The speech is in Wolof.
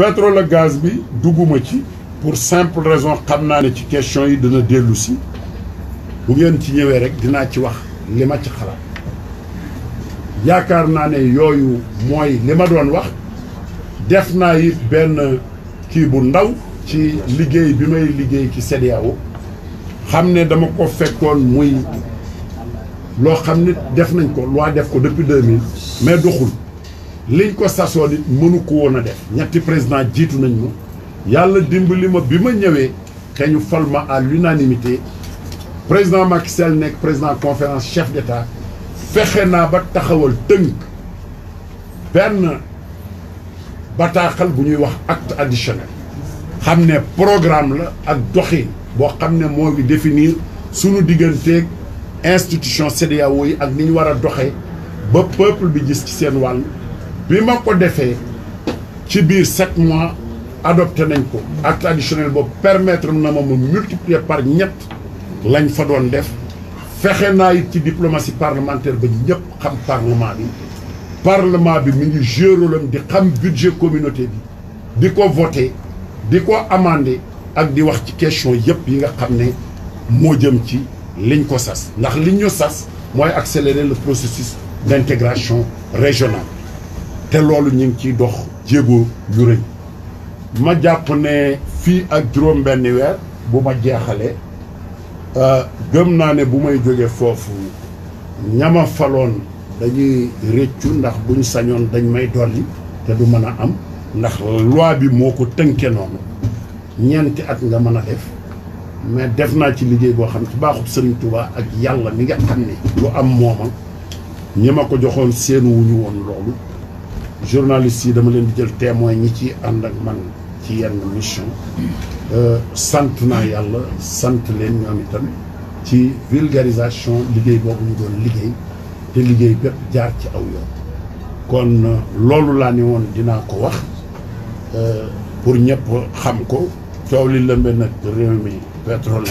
pétrole gaz bi dugguma ci pour simple raison xam naa ne ci question yi dina dellu bu ngeen ci ñëwee rek dinaa ci wax li ma ci xalaat yaakaar naa ne yooyu mooy li ma doon wax def naa it benn kii bu ndaw ci liggéey bi may liggéey ci CEDEAO xam ne dama ko fekkoon muy loo xam ne def nañ ko waa def ko depuis 2000 mais doxul liñ ko sasoon it mënu ko woon a def ñetti président jiitu nañu ma yàlla dimbali ma bi ma ñëwee te ñu fal ma à l'unanimité président Macky Sall nekk président conférence chef d'état fexe naa ba taxawal tënk benn bataaxal bu ñuy wax acte additionnel xam ne programme la ak doxin boo xam ne moo ngi définir sunu digganteeg institution CEDEAO yi ak ni ñu war a doxee ba peuple bi gis ci seen wàll bi ma ko defee ci biir sept mois adopté nañ ko ak additionnel boobu permettre na ma mu multiplier par ñett lañ fa doon def fexe naa it ci diplomatie parlementaire ba ñëpp xam parlement bi parlement bi mu ngi joué di xam budget communauté bi di ko voté di ko amandé ak di wax ci question yëpp yi nga xam ne moo jëm ci liñ ko sas ndax liñ ñu sas mooy accélérer la processus d'intégration régionale te loolu ñu ngi ciy dox jéego yu rëy ma jàpp ne fii ak juróom benni weer bu ma jeexalee euh, gëm naa ne bu may jóge foofu ñama faloon dañuy réccu ndax buñ sañoon dañ may dolli te du mën a am ndax loi bi moo ko tënke noonu ñeenti at nga mën a def mais def naa ci liggéey boo xam ci baaxub Sëriñ Tuubaa ak yàlla mi nga xam ne lu am mooma ñi ko joxoon seen wuñu woon loolu journalistes yi dama leen di jël témoin ñi ci ànd ak man ci yenn mission euh, sant naa yàlla sant leen ñoom itam ci vulgarisation liggéey boobu ñu doon liggéey te liggéey bépp jaar ci aw yoon kon euh, loolu laa ne woon dinaa ko wax euh, pour ñëpp xam ko coow li lëmbe nag réew mi pétrole